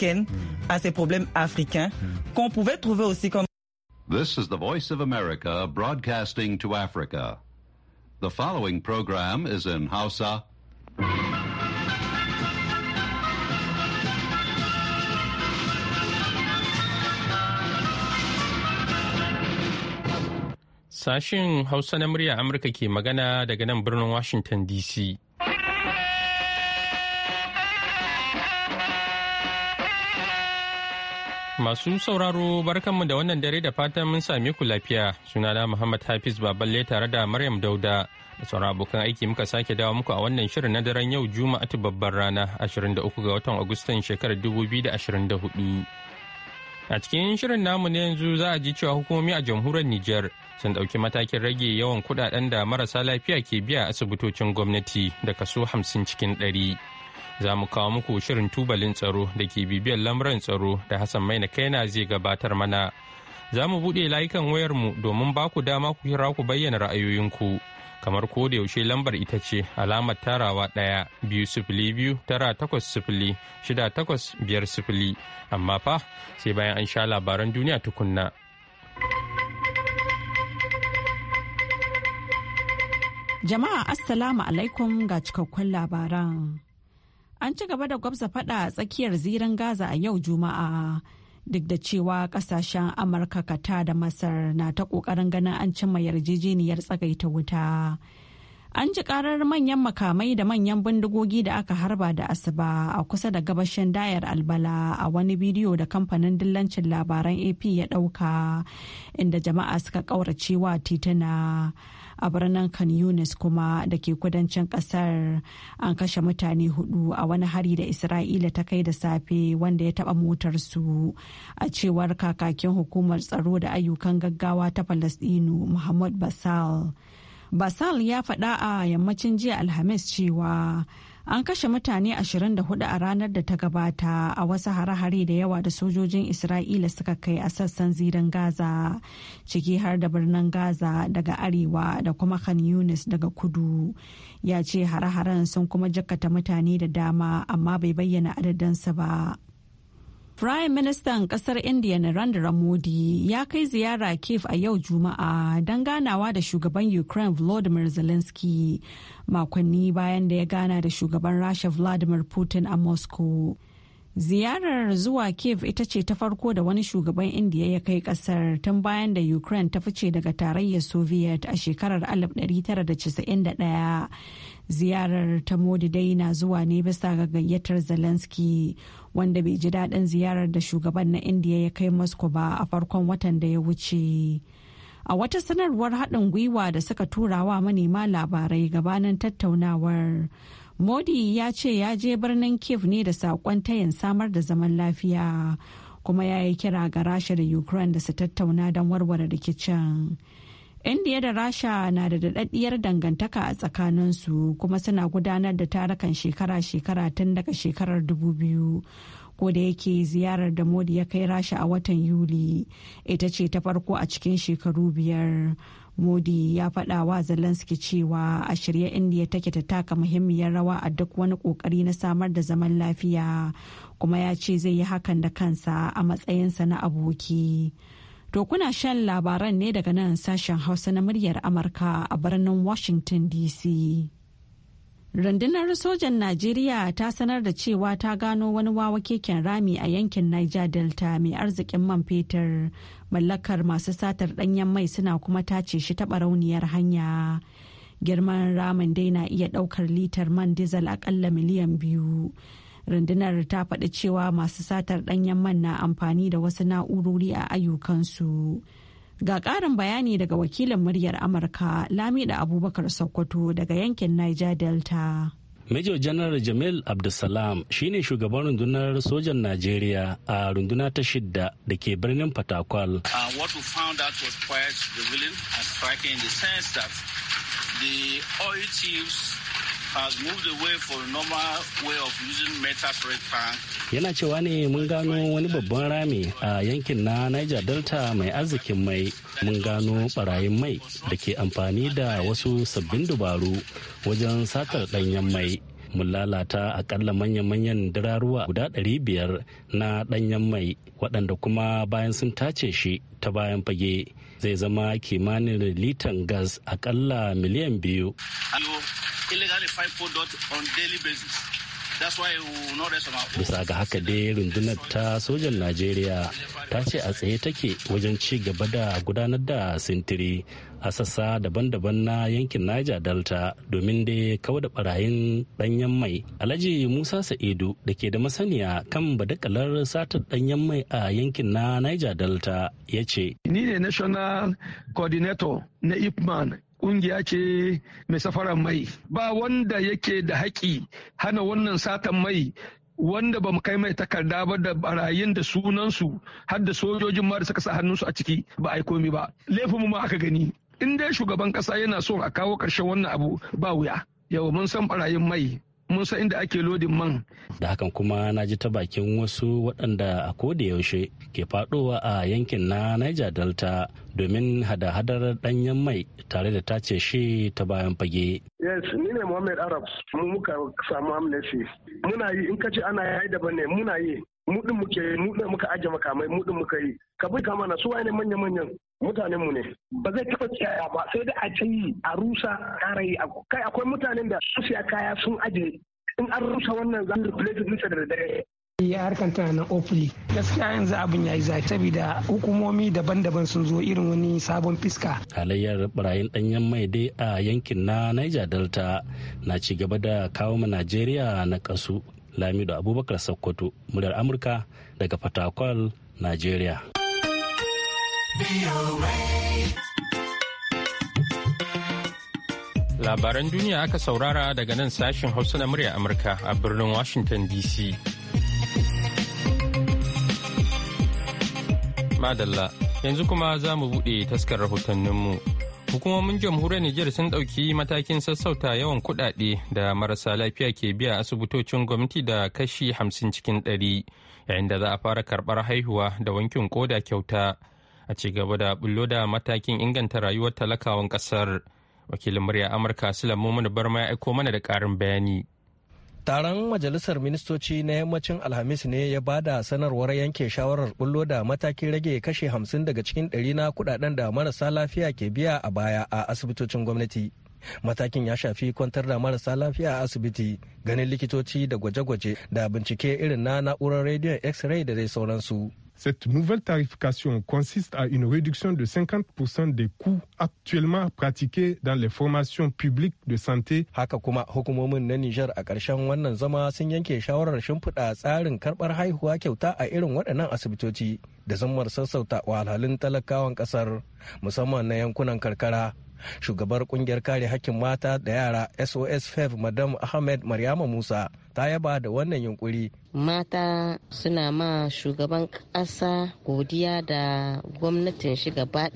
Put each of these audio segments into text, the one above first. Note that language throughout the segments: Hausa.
africaine hmm. à ces problèmes africains hmm. qu'on pouvait trouver aussi comme This is the voice of America broadcasting to Africa. The following program is in Hausa. sashen Hausa na murya Amurka ke magana daga nan birnin Washington DC. Masu sauraro barkanmu da wannan dare da fatan mun same ku lafiya sunana Muhammad Hafiz Baballe tare da Maryam Dauda da sauran abokan aiki muka sake dawo muku a wannan shirin na daren yau Juma'atu babbar rana 23 ga watan Agustan shekarar 2024. A cikin shirin namu na yanzu za a ji cewa hukumomi a jamhuriyar Nijar sun ɗauki matakin rage yawan kuɗaɗen da marasa lafiya ke biya a asibitocin gwamnati da kaso 50 cikin ɗari. za mu kawo muku shirin tubalin tsaro da ke bibiyar lamuran tsaro da Hassan Maina Kaina zai gabatar mana. Za mu buɗe layukan wayarmu domin ba ku dama ku kira ku bayyana ra'ayoyinku. Kamar ko da yaushe lambar ita ce alamar tarawa ɗaya biyu sifili biyu tara takwas sifili shida takwas biyar sifili amma fa sai bayan an sha labaran duniya tukunna. Jama'a Assalamu alaikum ga cikakkun labaran. An ci gaba da gwabza fada a tsakiyar ziran Gaza a yau Juma'a. Duk da cewa kasashen Amurka, Kata da Masar na ta ƙoƙarin ganin an cimma yarjejeniyar tsagaita wuta. An ji karar manyan makamai da manyan bindigogi da aka harba da asuba a kusa da gabashin dayar albala a wani bidiyo da kamfanin dillancin labaran AP ya ɗauka inda jama'a suka wa tituna. a birnin Kan Yunis kuma da ke kudancin kasar an kashe mutane hudu a wani hari da Isra'ila ta kai da safe wanda ya taba motarsu a cewar kakakin hukumar tsaro da ayyukan gaggawa ta Falasɗinu Muhammad Basal. basal ya faɗa a yammacin jiya alhamis cewa an kashe mutane 24 a ranar da ta gabata a wasu hare-hare da yawa da sojojin isra'ila suka kai a sassan zirin gaza ciki har da birnin gaza daga arewa da kuma khan yunis daga kudu ya ce hare-haren sun kuma jakkata mutane da dama amma bai bayyana adadinsu ba Prime Ministan kasar India Narendra Modi ya kai ziyara Kiev a yau Juma'a don ganawa da shugaban Ukraine Volodymyr Zelensky makonni bayan da ya gana da shugaban Rasha Vladimir Putin a Moscow. ziyarar zuwa kiev ita ce ta farko da wani shugaban indiya ya kai kasar tun bayan da ukraine ta fice daga tarayyar soviet a shekarar 1991 ziyarar ta modi dai na zuwa ne bisa ga gayyatar zelensky wanda bai ji daɗin ziyarar da shugaban na indiya ya kai moscow ba a farkon watan da ya wuce a wata sanarwar haɗin gwiwa da suka turawa manema labarai gabanin tattaunawar modi ya ce ya je birnin kiev ne da saƙon tayin samar da zaman lafiya kuma ya yi kira ga rasha da ukraine da su tattauna don warware rikicin indiya da rasha na da daɗaɗɗiyar dangantaka a tsakaninsu kuma suna gudanar da tarukan shekara-shekara tun daga shekarar 2000 ko da yake ziyarar da modi ya kai rasha a watan yuli ita ce ta farko a cikin shekaru biyar modi ya faɗa wa zelensky cewa a shirye indiya take ta taka muhimmiyar rawa a duk wani ƙoƙari na samar da zaman lafiya kuma ya ce zai yi hakan da kansa a matsayinsa na aboki to kuna shan labaran ne daga nan sashen hausa na muryar amurka a birnin washington dc Rundunar sojan Najeriya ta sanar da cewa ta gano wani wawa keken rami a yankin Niger Delta mai arzikin man fetur. Mallakar masu satar ɗanyen mai suna kuma tace shi ta barauniyar hanya. Girman ramin dai na iya ɗaukar litar man dizal akalla miliyan biyu. Rundunar ta faɗi cewa masu satar ɗanyen man na amfani da wasu na'urori a ayyukansu. Ga ƙarin bayani daga wakilin muryar Amurka Lamida Abubakar Sokoto daga yankin Niger Delta. Major General Jamil Abdulsalam shine shugaban rundunar sojan Najeriya a runduna ta shidda da ke birnin patakwal. Uh, has moved away normal way of using metal spray Yana cewa ne mun gano wani babban rami a yankin na Niger Delta mai arzikin mai mun gano barayin mai da ke amfani da wasu sabbin dubaru wajen satar danyen mai. Mun lalata akalla manya-manyan dararuwa guda biyar na danyen mai waɗanda kuma bayan sun tace shi ta bayan fage zai zama kimanin litan gas akalla miliyan biyu. illegally find dot on daily basis. Bisa ga haka dai rundunar ta sojan Najeriya ta ce a tsaye take wajen ci gaba da gudanar da sintiri a sassa daban-daban na yankin Niger Delta domin dai kawo da barayin danyen mai. Alhaji Musa Sa'idu da ke da masaniya kan badakalar satar danyen mai a yankin na Niger Delta ya ce. Ni ne National Coordinator na IPMAN Ƙungiya ce mai safarar mai ba wanda yake da haƙi hana wannan satan mai wanda ba mu kai mai takarda ba da barayin da sunansu har da sojojin ma da suka sa hannunsu a ciki ba a yi komi ba laifinmu ma aka gani in dai shugaban ƙasa yana so a kawo ƙarshen wannan abu ba wuya yau mun san barayin mai mun san inda ake lodin man da hakan kuma na ji ta bakin wasu waɗanda a koda yaushe ke faɗowa a yankin na niger delta domin hada-hadar ɗanyen mai tare da tace shi ta bayan fage yes ni ne muhammad arab mu muka samu amnesty muna yi in ka ci ana yi daban ne muna yi mudin muke yi mudin muka aje makamai mudin muka yi ka bai kama na su ne manya manyan mutanen mu ne ba zai taba tsaya ba sai da a yi a rusa kara kai akwai mutanen da su siya kaya sun ajiye in an rusa wannan za su replace nisa da dare ya harkan tana na opli gaskiya yanzu abin ya yi zafi saboda hukumomi daban-daban sun zo irin wani sabon fiska halayyar barayin danyen mai dai a yankin na niger delta na ci gaba da kawo ma najeriya na kasu lamido abubakar sokoto muryar amurka daga fatakwal nigeria labaran duniya aka saurara daga nan sashen hausa na muryar amurka a birnin washington dc madalla yanzu kuma za mu buɗe taskar rahotanninmu Hukumomin jamhuriyar Nijar sun ɗauki matakin sassauta yawan kuɗaɗe da marasa lafiya ke biya asibitocin gwamnati da kashi hamsin cikin ɗari yayin da za a fara karɓar haihuwa da wankin koda kyauta a ci gaba da bullo da matakin inganta rayuwar talakawan ƙasar. Wakilin murya Amurka Sulamu Barma ya aiko mana da ƙarin bayani. Taron Majalisar Ministoci na yammacin Alhamis ne ya ba da sanarwar yanke shawarar bullo da matakin rage kashe hamsin daga cikin ɗari na kudaden da marasa lafiya ke biya a baya a asibitocin gwamnati. Matakin ya shafi kwantar da marasa lafiya a asibiti, ganin likitoci da gwaje-gwaje da bincike irin na na'urar rediyon X-ray da dai sauransu. Cette nouvelle tarification consiste à une réduction de 50% des coûts actuellement pratiqués dans les formations publiques de santé. Hakakuma, kuma hukumomin na a wannan zama sun yanke shawarar shimfiɗa tsarin karɓar haihuwa kyauta a irin waɗannan asibitoci da sassauta wahalhalun talakawan ƙasar musamman na yankunan karkara. Shugabar kungiyar kare hakkin mata da yara SOS Fev, Madam Ahmed Maryama Musa ta yaba da wannan yunkuri. Mata suna ma shugaban ƙasa godiya da gwamnatin shiga gaba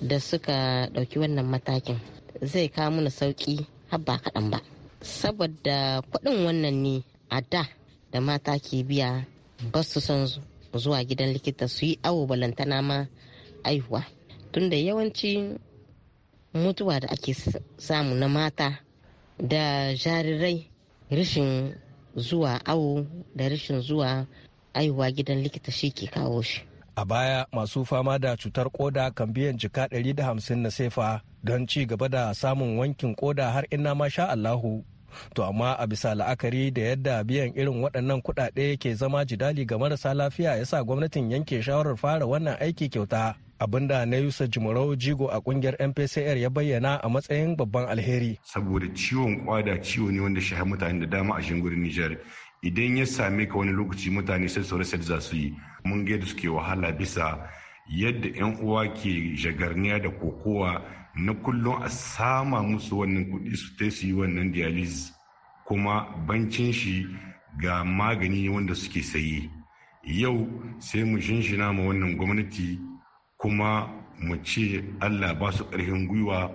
da suka ɗauki wannan matakin. Zai kawo mana sauƙi har ba kaɗan ba. Saboda kuɗin wannan ne a da da mata ke biya ba su son zuwa gidan likita su yi awo balantana ma aihuwa. Tunda yawanci mutuwa da ake samu na mata da jarirai rashin zuwa awo da rashin zuwa aiwa gidan likita shi ke kawo shi a baya masu fama da cutar koda kan biyan jika 150 na sefa don ci gaba da samun wankin koda har ina ma sha Allahu to amma a bisa la'akari da yadda biyan irin waɗannan kuɗaɗe ke zama jidali ga marasa lafiya ya sa gwamnatin yanke shawarar fara wannan aiki kyauta abinda na yusa jimarau jigo a kungiyar mpcr ya bayyana a matsayin babban alheri saboda ciwon kwada ciwo ne wanda shahar mutane da dama a shingurin nijar idan ya same ka wani lokaci mutane sai su rasa za su yi mun ga da suke wahala bisa yadda 'yan uwa ke jagarniya da kokowa na kullum a sama musu wannan kuɗi su ta su yi wannan dialysis kuma bancin shi ga magani wanda suke saye yau sai mu shinshina ma wannan gwamnati kuma mu ce Allah ba su ƙarfin gwiwa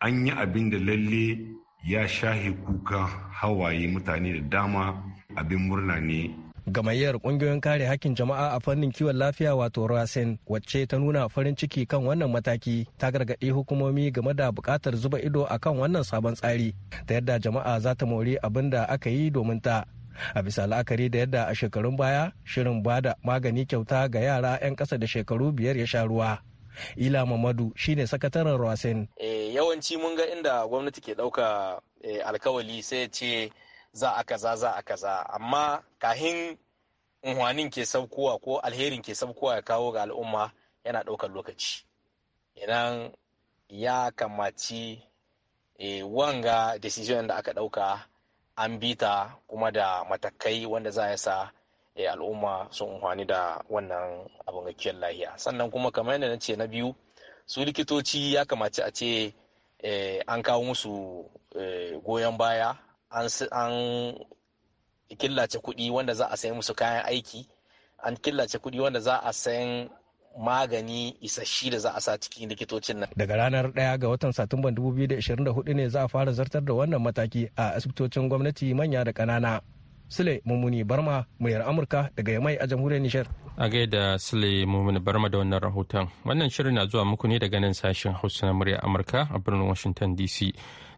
an yi abin da lalle ya shahe kuka hawaye mutane da dama abin murna ne gamayyar ƙungiyoyin kare hakkin jama'a a fannin kiwon lafiya wato rasin wacce ta nuna farin ciki kan wannan mataki ta gargaɗi hukumomi game da buƙatar zuba ido a kan wannan sabon tsari ta yadda jama'a za ta mori abin da aka yi domin ta a bisa la'akari da yadda a shekarun baya shirin bada magani kyauta ga yara 'yan ƙasa da shekaru biyar ya sha ruwa ila mamadu shine sakataren rasin eh, yawanci mun ga inda gwamnati ke ɗauka eh, alkawali sai ce za a kaza za a kaza amma kahin unhwanin ke saukowa ko alherin ke saukowa ya kawo ga al'umma yana ɗaukar lokaci idan ya kamaci eh, wanga decision da aka ɗauka an bi ta kuma da matakai wanda za ya sa eh, al'umma sun amfani da wannan abin gakiyar lahiya sannan kuma kamar yadda na ce na biyu su likitoci ya kamace a ce eh, an kawo musu eh, goyon baya an killace kuɗi wanda za a sayi musu kayan aiki an killace kuɗi wanda za a sayan magani isasshi da za a sa cikin likitocin nan. Daga ranar 1 ga watan Satumban 2024 ne za a fara zartar da wannan mataki a asibitocin gwamnati manya da kanana Sule Mummuni Barma, muryar Amurka daga Yamai a jamhuriyar Nishar. A gaida Sule Mummuni Barma da wannan rahoton. Wannan shirin na zuwa muku ne daga nan sashen Hausa na muryar Amurka a birnin Washington DC.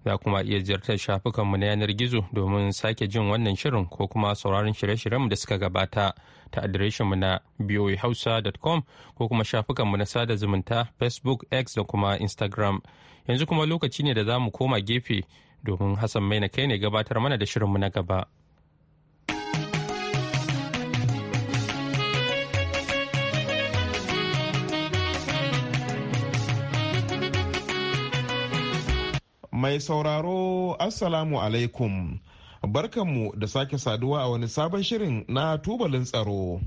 Za kuma iya ziyartar shafukanmu na yanar gizo domin sake jin wannan shirin ko kuma sauraron shirye-shiryenmu da suka gabata. ta adireshinmu na voahausa.com ko kuma shafukanmu na sada zumunta facebook x da kuma instagram yanzu kuma lokaci ne da za mu koma gefe domin hassan mai na kai ne gabatar mana da shirinmu na gaba. mai sauraro assalamu alaikum barkanmu da sake saduwa a wani sabon shirin na tubalin tsaro.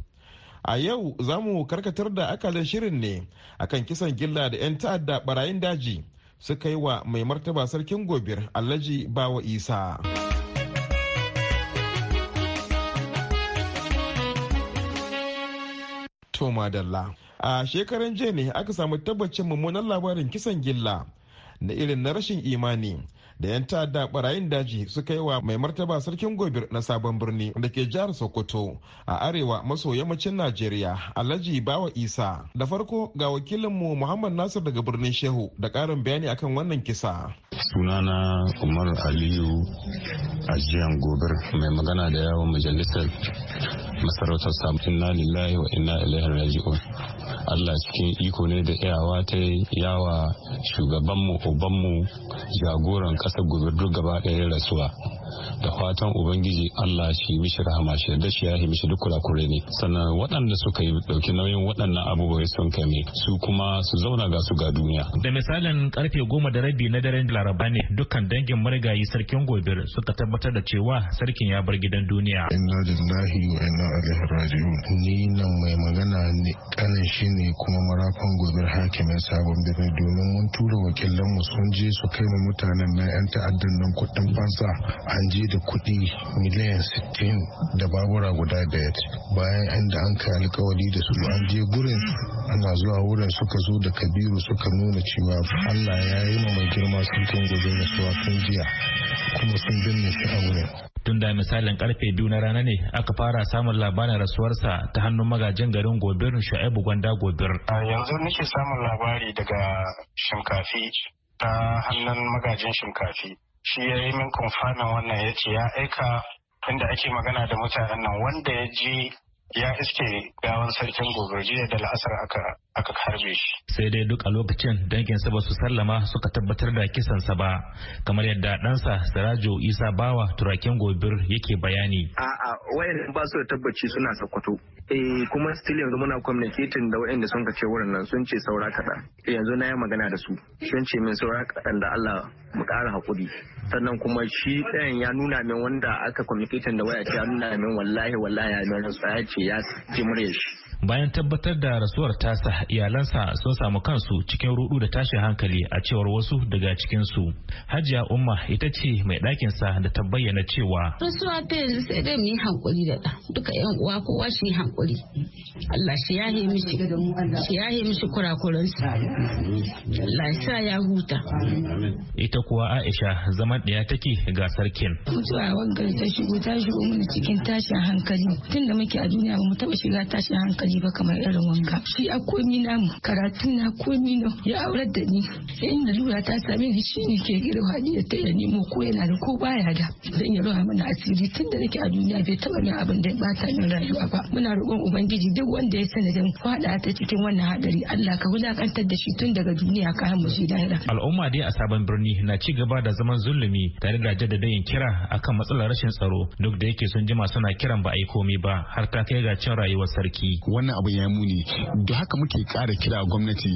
A yau za mu karkatar da akalin shirin ne akan kisan gilla da 'yan ta'adda barayin daji suka yi wa mai martaba sarkin gobir Alhaji Bawa Isa. A shekaran jiya ne aka samu tabbacin mummunan labarin kisan gilla na irin na rashin imani. da 'yan ta'adda barayin daji suka yi wa mai martaba sarkin gobir na sabon birni da ke jihar sokoto a arewa maso yammacin najeriya alhaji bawa isa da farko ga wakilinmu muhammad nasir daga birnin shehu da karin bayani akan wannan kisa sunana umar aliyu ajiyan gobir mai magana da yawon majalisar masarautar samun inna lillahi wa inna ilaihi raji'un allah cikin iko ne da iyawa ta yawa shugabanmu ubanmu jagoran kasar gobir duk gaba ɗaya rasuwa da fatan ubangiji Allah shi mishi rahama shi da shi yi mishi duk kurakure ne sannan waɗanda suka yi dauki nauyin waɗannan abubuwa sun kame su kuma su zauna ga su ga duniya da misalin karfe goma da rabi na daren laraba ne dukkan dangin marigayi sarkin gobir suka tabbatar da cewa sarkin ya bar gidan duniya inna lillahi wa inna ilaihi raji'un ni nan mai magana ne kanin shi ne kuma marafan gobir hakimin sabon birni domin mun tura wakilan mu sun je su kai mu mutanen na yan ta'addan nan kuɗin fansa a an je da kuɗi miliyan 60 da babura guda daya bayan inda an kai alkawari da su an je gurin ana zuwa wurin suka zo da kabiru suka nuna cewa allah ya yi ma mai girma kan gobe na suwa tun jiya kuma sun binne shi a wurin tun da misalin karfe biyu na rana ne aka fara samun labarin rasuwarsa ta hannun magajin garin gobir shu'aibu gwanda gobir yanzu nake samun labari daga shinkafi ta hannun magajin shinkafi shi ya yi min kumfanin wannan ya ce ya aika tunda ake magana da mutanen nan wanda ya je ya iske gawan sarkin gobe jiya da la'asar aka harbe shi. Sai dai duk a lokacin danginsa ba su sallama suka tabbatar da kisansa ba kamar yadda ɗansa Sirajo Isa Bawa turaken gobir yake bayani. A'a wayan ba su da tabbaci suna sakwato. Eh kuma still yanzu muna communicating da wayanda sun ka ce wurin nan sun ce saura kaɗan. Yanzu na yi magana da su. Sun ce min saura kaɗan da Allah mu ƙara haƙuri. Sannan kuma shi ɗayan ya nuna min wanda aka communicating da waya ce ya nuna min wallahi wallahi ya nuna Yes, ya bayan tabbatar da rasuwar tasa iyalansa sun samu kansu cikin rudu da tashin hankali a cewar wasu daga cikin su hajiya umma ita ce mai ɗakin sa da ta bayyana cewa rasuwa ta yanzu sai dai mu yi hankuli da ɗa duka yan uwa kowa shi hankuli Allah shi ya yi mishi shi ya yi mishi sa Allah ya ya huta ita kuwa Aisha zaman ɗaya take ga sarkin mutuwa wanda ta shigo ta shigo mana cikin tashin hankali tunda muke a duniya ba mu taɓa shiga tashin hankali hankali ba kamar irin wanga shi a komi namu karatu na komi na ya aurar da ni in lura ta same ni shi ne ke gida hadi da taya mu ko yana da ko baya da zan yi ruwa mana asiri tun da nake a duniya bai taba min abin da ya bata min rayuwa ba muna roƙon ubangiji duk wanda ya sanadin faɗa ta cikin wannan hadari Allah ka wulakantar da shi tun daga duniya ka mu shi lahira al'umma dai a sabon birni na ci gaba da zaman zulumi tare da jaddadayin kira akan matsalar rashin tsaro duk da yake sun jima suna kiran ba a yi komai ba har ta kai ga cin rayuwar sarki wannan abu ya muni da haka muke kara kira gwamnati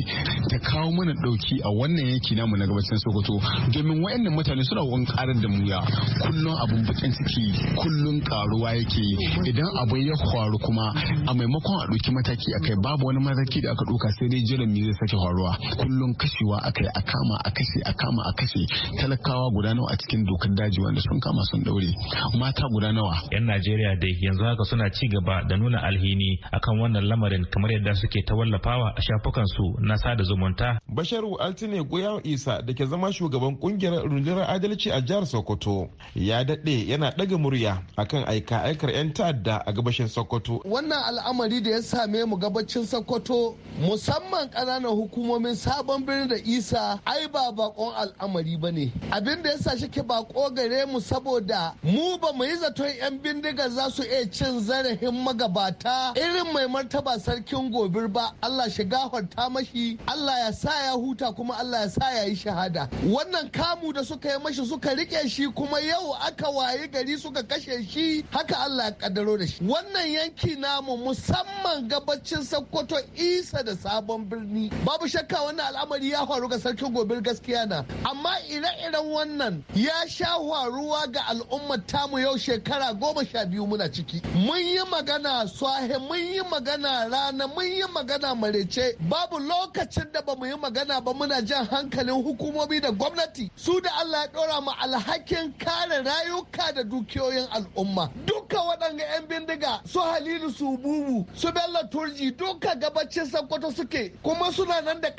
ta kawo mana dauki a wannan yanki namu na gabacin sokoto domin wayannan mutane suna wani karar da muya kullum abun bakin ciki kullum karuwa yake idan abu ya faru kuma a maimakon a ɗauki mataki akai babu wani mataki da aka ɗauka sai dai jiran me zai sake faruwa kullum kashewa akai a kama a kashe a kama a kashe talakawa guda nawa a cikin dokar daji wanda sun kama sun daure mata guda nawa yan najeriya dai yanzu haka suna ci gaba da nuna alhini akan wannan lamarin kamar yadda suke ta wallafawa a su na sada zumunta. bashiru Altine Goyawa Isa da ke zama shugaban kungiyar rundunar adalci a jihar Sokoto ya daɗe yana ɗaga murya akan aika aikar 'yan ta'adda a gabashin Sokoto. Wannan al'amari da ya same mu gabacin Sokoto musamman ƙananan hukumomin sabon birnin da Isa ai ba bakon al'amari ba ne. Abin da ya sa shi ke bako gare mu saboda mu ba mu yi zaton 'yan bindiga za su iya cin zarafin magabata irin mai ba sarkin gobir ba Allah shi gafarta mashi Allah ya sa ya huta kuma Allah ya sa ya yi shahada wannan kamu da suka yi mashi suka rike shi kuma yau aka waye gari suka kashe shi haka Allah ya kaddaro da shi wannan yanki namu musamman gabacin Sokoto Isa da sabon birni babu shakka wannan al'amari ya faru ga sarkin gobir gaskiya na amma ire-iren wannan ya sha faruwa ga al'ummar tamu yau shekara goma sha biyu muna ciki mun yi magana swahe mun yi magana magana rana mun yi magana marece babu lokacin da ba mu yi magana ba muna jan hankalin hukumomi da gwamnati su da Allah ya dora mu alhakin kare rayuka da dukiyoyin al'umma duka waɗanga 'yan bindiga su halilu su bubu su bello turji duka gabacin sakkwato suke kuma suna nan da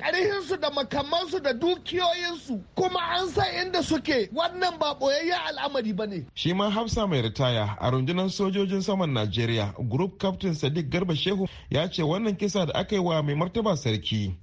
su da makamansu da dukiyoyinsu kuma an san inda suke wannan ba ɓoyayyen al'amari ba ne. shi ma hafsa mai ritaya a rundunar sojojin saman najeriya group captain sadiq garba shehu shehu ya ce wannan kisa da aka yi wa mai martaba sarki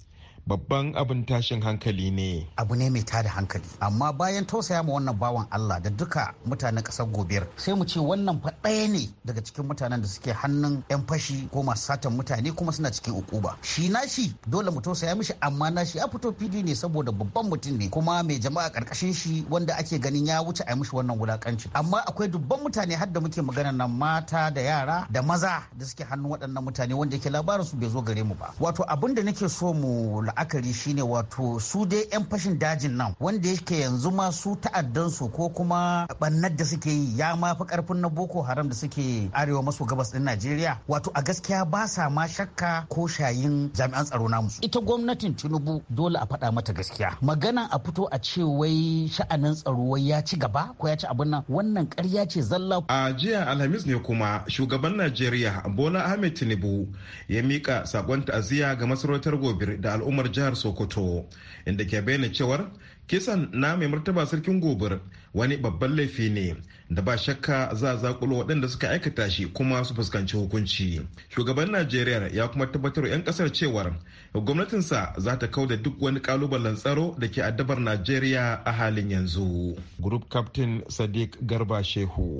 babban abin tashin hankali ne. Abu ne mai tada hankali. Amma bayan tausaya ma wannan bawan Allah da duka mutanen ƙasar gobiyar sai mu ce wannan faɗaya ne daga cikin mutanen da suke hannun 'yan fashi ko masu satan mutane kuma suna cikin ukuba. Shi nashi dole mu tausaya mishi amma nashi ya fito fili ne saboda babban mutum ne kuma mai jama'a karkashin shi wanda ake ganin ya wuce a mishi wannan wulakanci. Amma akwai dubban mutane har da muke magana na mata da yara da maza da suke hannun waɗannan mutane wanda yake labarin su bai zo gare mu ba. Wato abin da nake so mu la'akari shine wato su dai 'yan fashin dajin nan wanda yake yanzu ma su ta'addansu ko kuma bannar da suke yi ya ma fi karfin na boko haram da suke arewa maso gabas din najeriya wato a gaskiya ba sa ma shakka ko shayin jami'an tsaro namu ita gwamnatin tinubu dole a faɗa mata gaskiya magana a fito a ce wai sha'anin tsaro wai ya ci gaba ko ya ci abin nan wannan ƙarya ce zalla a jiya alhamis ne kuma shugaban najeriya bola ahmed tinubu ya mika sakon ta'aziyya ga masarautar gobir da al'umma hukumar jihar sokoto inda ke bayyana cewar kisan na mai martaba sarkin gobir wani babban laifi ne da ba shakka za a zakulo waɗanda suka aikata shi kuma su fuskanci hukunci shugaban najeriya ya kuma tabbatar 'yan ƙasar cewar gwamnatinsa za ta kauda duk wani ƙalubalen tsaro da ke addabar najeriya a halin yanzu group captain sadiq garba shehu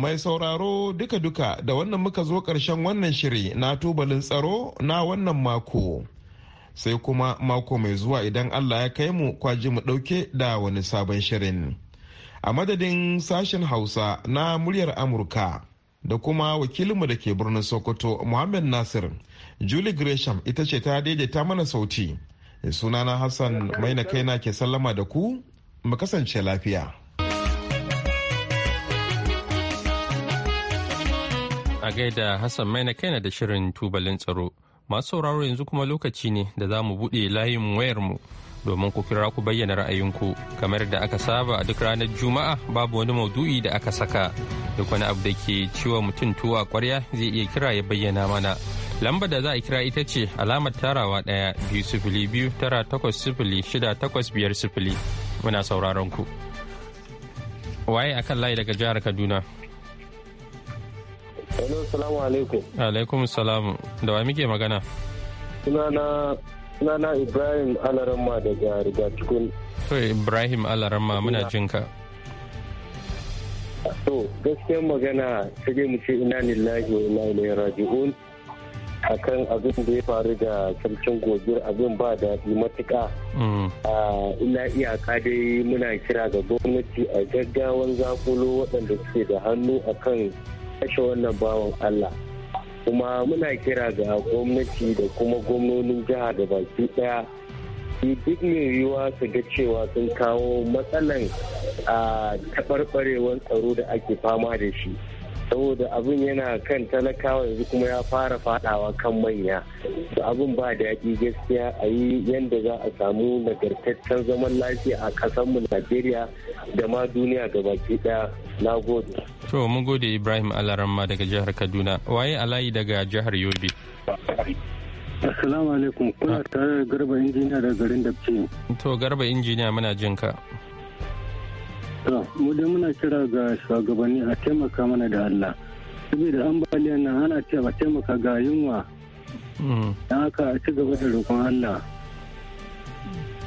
Mai sauraro duka-duka da wannan muka zo ƙarshen wannan shiri na tubalin tsaro na wannan mako. Sai kuma mako mai zuwa idan Allah ya kai mu kwaji mu ɗauke da wani sabon shirin. A madadin sashen Hausa na muryar Amurka da kuma wakilinmu da ke birnin Sokoto Muhammad Nasir, Julie Gresham ita ce ta daidaita mana sauti. Sunana Hassan mai na Kaina ke sallama da ku, mu kasance lafiya. a gaida Hassan Maina na da shirin tubalin tsaro. Masu sauraro yanzu kuma lokaci ne da za mu buɗe layin wayarmu domin ku kira ku bayyana ra'ayinku kamar da aka saba a duk ranar Juma'a babu wani maudu'i da aka saka duk wani abu da ke ciwa mutum tuwa kwarya zai iya kira ya bayyana mana. Lambar da za a kira ita ce alamar tarawa ɗaya biyu sifili biyu tara takwas sifili shida takwas biyar sifili muna sauraron ku. Waye akan layi daga jihar Kaduna? Hello, salamu alaikum. Alaikum salamu. Da wa muke magana? Sunana sunana Ibrahim Alaramma daga cikin. To Ibrahim Alaramma muna jin ka. To gaskiyar magana sai dai mu ce ina lillahi wa ina ilaihi raji'un akan abin da ya faru da sarkin gobir abin ba daɗi matuƙa. Ina mm. iyaka dai muna kira ga gwamnati a gaggawan zakulo waɗanda suke da hannu akan kashe wannan bawan Allah kuma muna kira ga gwamnati da kuma gwamnonin jiha da baki daya duk mai yiwuwa su ga cewa sun kawo matsalan a ah, tsaro da ake fama da shi saboda abin yana kan talakawa yanzu kuma ya fara fadawa kan manya to abin ba daɗi gaskiya a yi yadda za a samu nagartaccen zaman lafiya a ƙasarmu najeriya da ma duniya gabaki ɗaya na gode to mun gode ibrahim alaramma daga jihar kaduna waye alayi daga jihar yobe assalamu alaikum kuna ah. tare da garba injiniya daga garin dabce to garba injiniya muna jin ka mu dai muna kira ga shugabanni a taimaka mana da Allah saboda ambaliyar nan ana cewa taimaka ga yunwa mm. don haka a ci gaba da roƙon Allah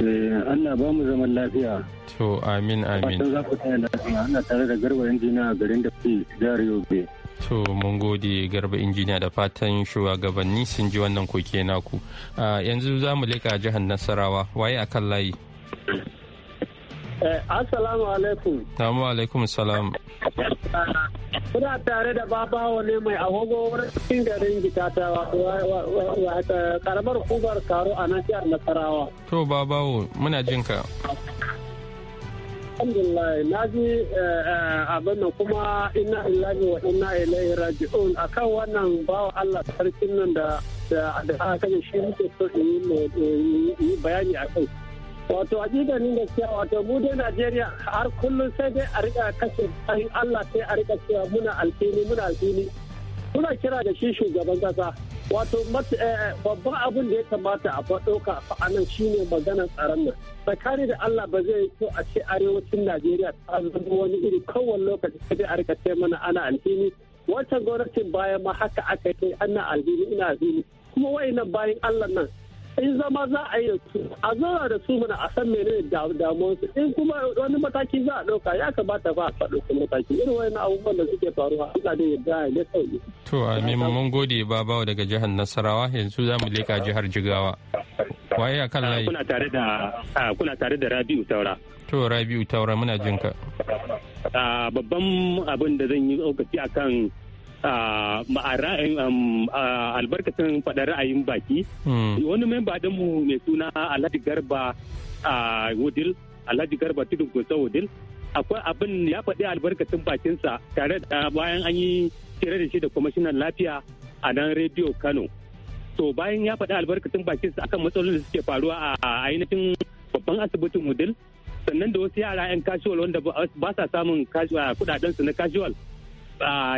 eh, Allah ba mu zaman lafiya to amin amin fatan za ku tsaya lafiya ana tare da garba injiniya a garin da fi jihar Yobe to mun gode garba injiniya da fatan shugabanni sun ji wannan koke naku ah, yanzu za mu leƙa jihar Nasarawa waye akan layi Eh, assalamu alaikum. Assalamu alaikum salam. Kuna tare da babawa ne mai agogo wurin garin gitata eh, karamar kubar karo a nasiyar Nasarawa. To babawo muna jin ka. Alhamdulillah na ji eh, abin nan kuma ina ilahi wa ina ilaihi raji'un kan wannan bawa Allah sarkin nan da aka shi muke so in yi bayani a kai. Wato hakikanin gaskiya wato mu dai Najeriya har kullum sai dai a rika kashe tsarin Allah sai a rika cewa muna alfini muna alfini. Muna kira da shi shugaban kasa. Wato eh, babban abin da ya kamata a faɗoka a nan shine maganar tsaron nan. Tsakani da Allah ba zai so a ce arewacin Najeriya ta zama wani iri kowane lokaci sai dai a rika ce mana ana alfini. Wancan gwamnatin baya ma haka aka yi ana alfini ina alfini. Kuma wa'innan bayan Allah nan in zama za a yi a zauna da su mana a san menene damuwarsu in kuma wani mataki za a ɗauka ya kamata ba a faɗo su mataki irin wani abubuwan da suke faruwa a da yadda ya da sauki. To a neman mun gode bawa daga jihar Nasarawa yanzu za mu leka jihar Jigawa. Waye a kan layi? Kuna tare da Rabi'u Taura. To Rabi'u Taura muna jinka. Babban abin da zan yi tsokaci akan Um, a albarkacin faɗa ra'ayin baki hmm. wani memba mu mai suna alhaji garba wudil alhaji garba tudun kusa wudil akwai abin ya faɗi albarkacin bakinsa tare da bayan an yi tare da shi da kwamishinan lafiya a nan rediyo kano to bayan ya faɗi albarkacin bakinsa akan matsalolin da suke faruwa a ainihin babban asibitin wudil sannan da wasu yara 'yan casual wanda ba sa samun kudadensu na casual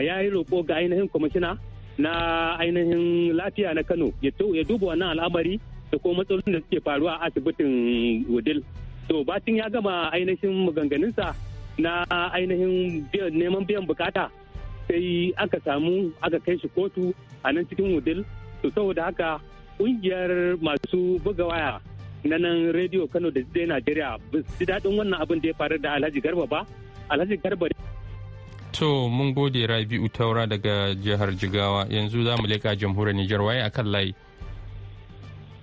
ya yi roƙo ga ainihin kwamishina na ainihin lafiya na Kano ya duba wannan al'amari da kuma matsalolin da suke faruwa a asibitin Wudil. To batin ya gama ainihin maganganunsa na ainihin neman biyan bukata sai aka samu aka kai shi kotu a nan cikin Wudil. To saboda haka ƙungiyar masu buga waya na nan rediyo Kano da Najeriya ba su ji daɗin wannan abin da ya faru da Alhaji Garba ba. Alhaji Garba To mun gode Rabi'u Taura daga jihar Jigawa yanzu za mu leƙa jamhuriyar Nijar waye a kan layi.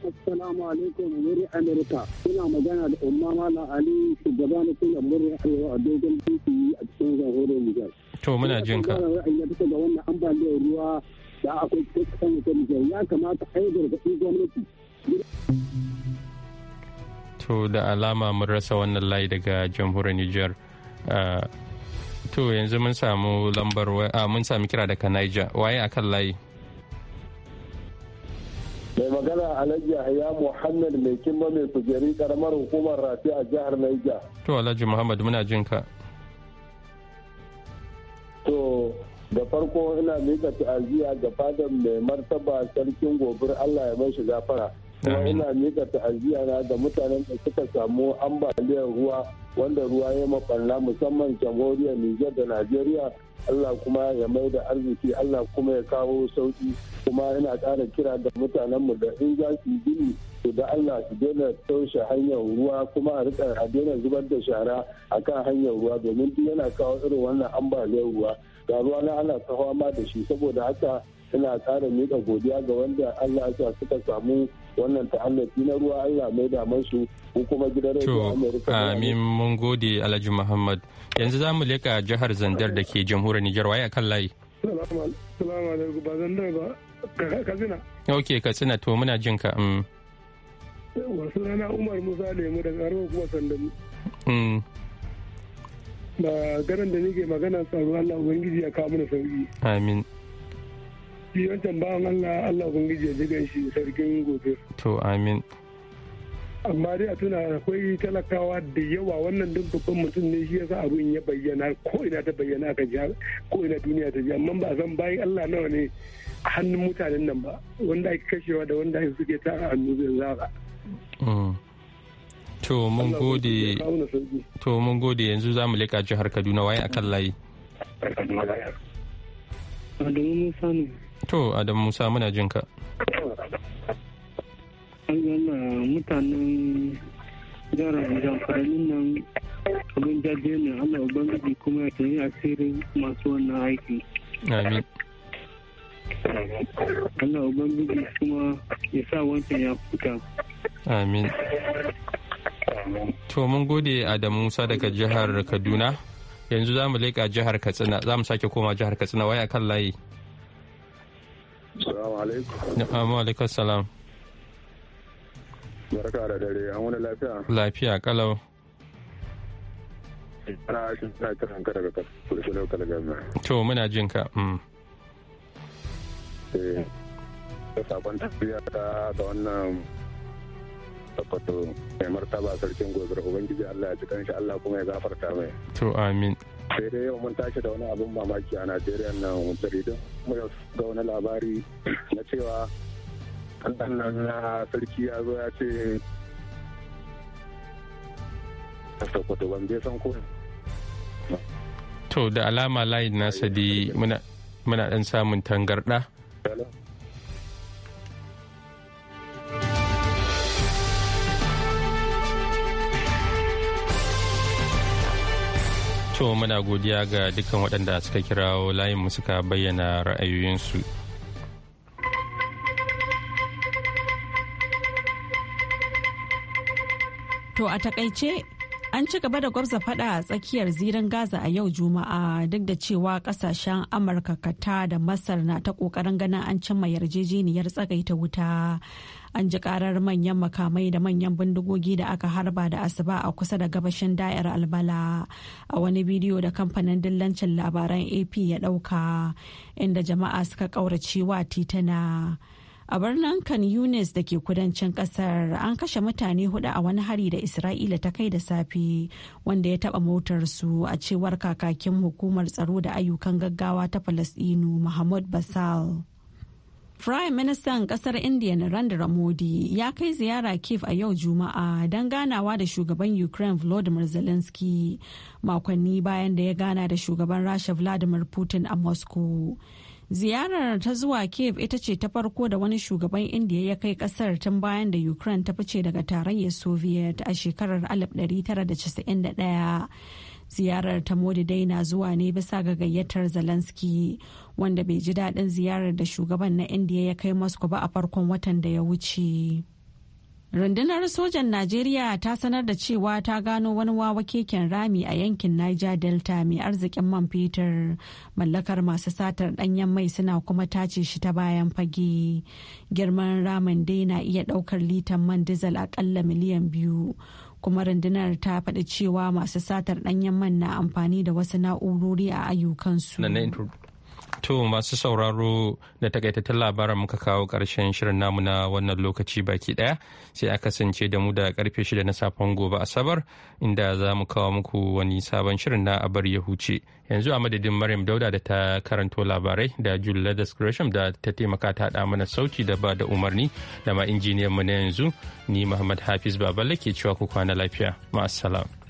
Assalamu alaikum wuri Amurka suna magana da umma Malam Ali shugaba na kula murya Arewa a dogon titi a cikin jamhuriyar Nijar. To muna jin ka. Ina ta ga wannan ambaliyar ruwa da akwai cikin kasar Nijar ya kamata a yi gargaɗi gwamnati. To da alama mun rasa wannan layi daga jamhuriyar Nijar. Ah, to yanzu mun samu lambar ah, mun sami kira daga Niger waye akan layi. Mai magana Alhaji Yahya Muhammad mai kimba mai kujeri karamar hukumar rafi a jihar Niger. To Alhaji Muhammad muna jin ka. To da farko ina mika ta'aziyya ga fadan mai martaba sarkin gobir Allah ya mai gafara ina mika ta'aziyya na ga mutanen da suka samu ambaliyar ruwa wanda ruwa ya maɓarna musamman jamhuriyar Nijar da Najeriya Allah kuma ya mai da arziki Allah kuma ya kawo sauki kuma yana ƙara kira ga mutanenmu da in za su gini to da Allah su daina taushe hanyar ruwa kuma a rika a daina zubar da shara a akan hanyar ruwa domin duk yana kawo irin wannan ambaliyar ruwa ga ruwa na ana kawo ma da shi saboda haka suna tsara miƙa godiya ga wanda Allah ya suka samu wannan ta'allafi na ruwa Allah mai damar su ko kuma gidan radio America. Amin mun gode Alhaji Muhammad. Yanzu za mu leƙa jihar Zandar da ke jamhuriyar Nijar waye akan layi. Salamu alaikum ba Zandar ba Katsina. Ok Katsina to muna jin ka. Mm. Wasu rana Umar Musa Lemu daga Arewa kuma Sandamu. Mm. Ba garin da nake magana tsaro Allah Ubangiji ya kawo mana sauki. Amin. wancan Allah Allah ubangiji ya jigan shi sarkin gobe to amin amma dai a tuna akwai talakawa da yawa wannan duk babban mutum ne shi yasa abin ya bayyana ko ina ta bayyana aka ji ko ina duniya ta ji amma ba a san bayan Allah nawa ne a hannun mutanen nan ba wanda ake kashewa da wanda ake suke ta hannu zai zaba mm. to mun gode to mun gode yanzu za mu leka jihar Kaduna waye akan layi Musa ne To Adam Musa muna jin ka. mutanen jihar Zamfaranin nan abin jaje ne Allah Ubangiji kuma ya tuni asirin masu wannan aiki. Amin. Allah Ubangiji kuma ya sa wancan ya fita. Amin. To mun gode Adam Musa daga jihar Kaduna. Yanzu za mu leƙa jihar Katsina, za mu sake koma jihar Katsina waya kan layi. alaikum. alaikum salam. Barka da dare, an wani lafiya? Lafiya kalau. Ana shi suna kiran ka daga kulishin local government. To muna jin ka. Mm. Eh, sabon tafiya ta ga wannan tabbato mai martaba sarkin gobe ubangiji Allah ya ji kanshi Allah kuma ya gafarta mai. To amin. sai dai yau mun tashi da wani abin mamaki a najeriya nan jaridun mu yau ga wani labari na cewa ɗan nan na sarki ya zo ya ce sokoto ban bai san ko to da alama layin nasa dai muna dan samun tangarɗa. To muna godiya ga dukkan waɗanda suka kirawo layin mu suka bayyana ra'ayoyinsu. To a takaice An ci gaba da gwabza fada a tsakiyar zirin Gaza a yau Juma'a duk da cewa kasashen Amurka, Kata da Masar na ta ƙoƙarin ganin an cimma yarjejeniyar tsagaita wuta. An ji karar manyan makamai da manyan bindigogi da aka harba da asuba a kusa da gabashin da'ir albala a wani bidiyo da kamfanin dillancin labaran AP ya ɗauka. inda jama'a suka kauracewa tituna. titina. a birnin kan yunis da ke kudancin kasar an kashe mutane hudu a wani hari da isra'ila ta kai da safe wanda ya taba motarsu a cewar kakakin hukumar tsaro da ayyukan gaggawa ta falasdino mahmud basal Prime Ministan kasar India Narendra Modi ya kai ziyara kif a yau Juma'a don ganawa da shugaban Ukraine Volodymyr Zelensky makonni bayan da ya gana da shugaban Rasha Vladimir Putin a Moscow. ziyarar ta zuwa kiev ita ce ta farko da wani shugaban indiya ya kai kasar tun bayan da ukraine ta fice daga tarayyar soviet a shekarar 1991 ziyarar ta modi dai na zuwa ne bisa ga gayyatar zelensky wanda bai ji daɗin ziyarar da shugaban na indiya ya kai moscow ba a farkon watan da ya wuce rundunar sojan najeriya ta sanar da cewa ta gano wani wawa keken rami a yankin niger delta mai arzikin man fetur mallakar masu satar danyen mai suna kuma tace shi ta bayan fage girman ramin dai na iya ɗaukar litan man dizal akalla miliyan biyu kuma rundunar ta faɗi cewa masu satar ɗanyen man na amfani da wasu na'urori a ayyukansu To masu sauraro da takaitattun labaran muka kawo ƙarshen shirin namu na wannan lokaci baki ɗaya sai a kasance da mu da karfe shida na safen gobe Asabar inda za mu kawo muku wani sabon shirin na abar ya huce. Yanzu a madadin Maryam Dauda da ta karanto labarai da Julia Discretion da ta taimaka ta haɗa mana sauti da ba da umarni da ma injiniyan mu na yanzu ni Muhammad Hafiz Babalake ke cewa ku kwana lafiya. Ma'assalam.